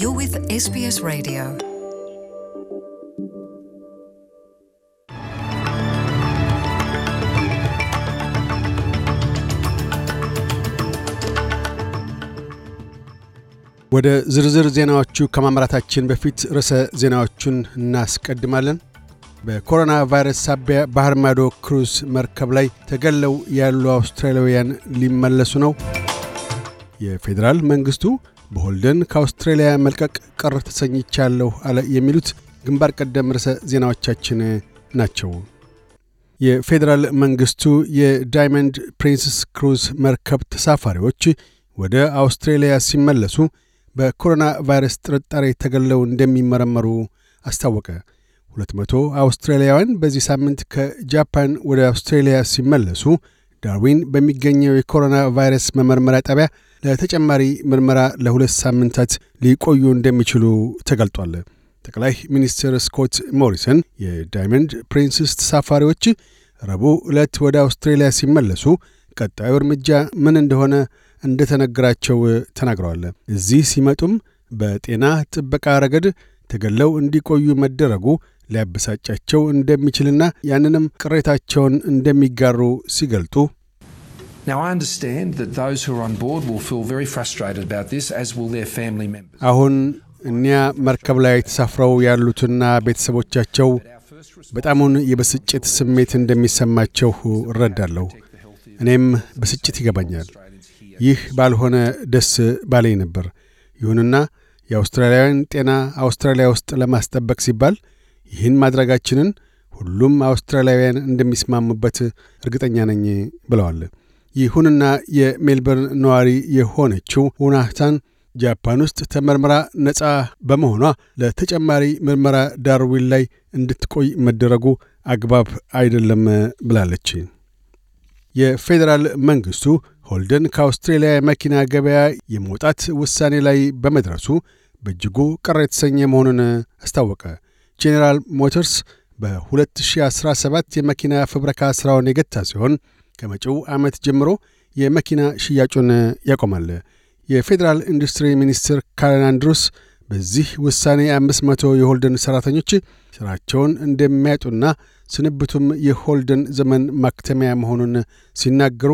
You're with SBS Radio. ወደ ዝርዝር ዜናዎቹ ከማምራታችን በፊት ርዕሰ ዜናዎቹን እናስቀድማለን። በኮሮና ቫይረስ ሳቢያ ባህር ማዶ ክሩዝ መርከብ ላይ ተገለው ያሉ አውስትራሊያውያን ሊመለሱ ነው። የፌዴራል መንግስቱ በሆልደን ከአውስትራሊያ መልቀቅ ቅር ተሰኝቻለሁ አለ የሚሉት ግንባር ቀደም ርዕሰ ዜናዎቻችን ናቸው። የፌዴራል መንግስቱ የዳይመንድ ፕሪንስስ ክሩዝ መርከብ ተሳፋሪዎች ወደ አውስትሬልያ ሲመለሱ በኮሮና ቫይረስ ጥርጣሬ ተገለው እንደሚመረመሩ አስታወቀ። 200 አውስትራሊያውያን በዚህ ሳምንት ከጃፓን ወደ አውስትሬልያ ሲመለሱ ዳርዊን በሚገኘው የኮሮና ቫይረስ መመርመሪያ ጣቢያ ለተጨማሪ ምርመራ ለሁለት ሳምንታት ሊቆዩ እንደሚችሉ ተገልጧል። ጠቅላይ ሚኒስትር ስኮት ሞሪሰን የዳይመንድ ፕሪንስስ ተሳፋሪዎች ረቡዕ ዕለት ወደ አውስትሬልያ ሲመለሱ ቀጣዩ እርምጃ ምን እንደሆነ እንደተነገራቸው ተናግረዋል። እዚህ ሲመጡም በጤና ጥበቃ ረገድ ተገለው እንዲቆዩ መደረጉ ሊያበሳጫቸው እንደሚችልና ያንንም ቅሬታቸውን እንደሚጋሩ ሲገልጡ አሁን እኒያ መርከብ ላይ ተሳፍረው ያሉትና ቤተሰቦቻቸው በጣሙን የብስጭት ስሜት እንደሚሰማቸው እረዳለሁ። እኔም ብስጭት ይገባኛል። ይህ ባልሆነ ደስ ባለኝ ነበር። ይሁንና የአውስትራሊያውያን ጤና አውስትራሊያ ውስጥ ለማስጠበቅ ሲባል ይህን ማድረጋችንን ሁሉም አውስትራሊያውያን እንደሚስማሙበት እርግጠኛ ነኝ ብለዋል። ይሁንና የሜልበርን ነዋሪ የሆነችው ውናህታን ጃፓን ውስጥ ተመርምራ ነፃ በመሆኗ ለተጨማሪ ምርመራ ዳርዊን ላይ እንድትቆይ መደረጉ አግባብ አይደለም ብላለች። የፌዴራል መንግስቱ ሆልደን ከአውስትሬልያ የመኪና ገበያ የመውጣት ውሳኔ ላይ በመድረሱ በእጅጉ ቅር የተሰኘ መሆኑን አስታወቀ። ጄኔራል ሞተርስ በ2017 የመኪና ፍብረካ ሥራውን የገታ ሲሆን ከመጪው ዓመት ጀምሮ የመኪና ሽያጩን ያቆማል። የፌዴራል ኢንዱስትሪ ሚኒስትር ካረን አንድሩስ በዚህ ውሳኔ አምስት መቶ የሆልደን ሠራተኞች ሥራቸውን እንደሚያጡና ስንብቱም የሆልደን ዘመን ማክተሚያ መሆኑን ሲናገሩ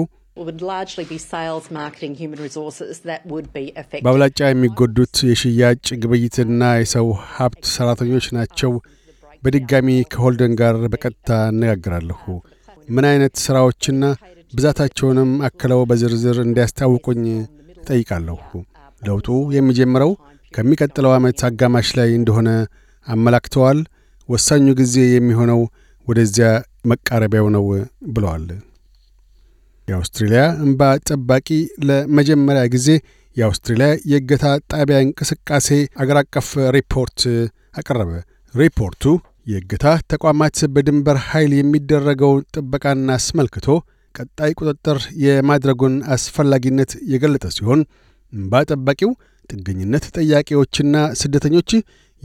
በአብላጫ የሚጎዱት የሽያጭ ግብይትና የሰው ሀብት ሠራተኞች ናቸው። በድጋሚ ከሆልደን ጋር በቀጥታ አነጋግራለሁ። ምን አይነት ሥራዎችና ብዛታቸውንም አክለው በዝርዝር እንዲያስታውቁኝ እጠይቃለሁ። ለውጡ የሚጀምረው ከሚቀጥለው ዓመት አጋማሽ ላይ እንደሆነ አመላክተዋል። ወሳኙ ጊዜ የሚሆነው ወደዚያ መቃረቢያው ነው ብለዋል። የአውስትሬልያ እምባ ጠባቂ ለመጀመሪያ ጊዜ የአውስትሬልያ የእገታ ጣቢያ እንቅስቃሴ አገር አቀፍ ሪፖርት አቀረበ። ሪፖርቱ የእገታ ተቋማት በድንበር ኃይል የሚደረገውን ጥበቃና አስመልክቶ ቀጣይ ቁጥጥር የማድረጉን አስፈላጊነት የገለጠ ሲሆን እምባ ጠባቂው ጥገኝነት ጠያቂዎችና ስደተኞች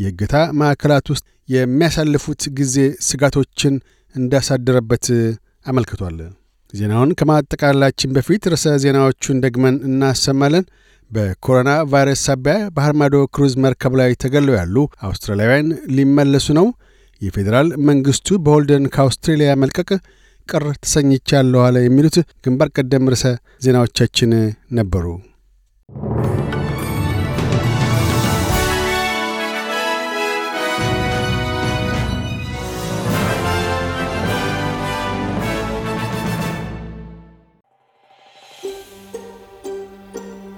የእገታ ማዕከላት ውስጥ የሚያሳልፉት ጊዜ ስጋቶችን እንዳሳደረበት አመልክቷል። ዜናውን ከማጠቃላችን በፊት ርዕሰ ዜናዎቹን ደግመን እናሰማለን። በኮሮና ቫይረስ ሳቢያ ባህር ማዶ ክሩዝ መርከብ ላይ ተገለው ያሉ አውስትራሊያውያን ሊመለሱ ነው። የፌዴራል መንግስቱ በሆልደን ከአውስትሬልያ መልቀቅ ቅር ተሰኝቻለኋለ የሚሉት ግንባር ቀደም ርዕሰ ዜናዎቻችን ነበሩ።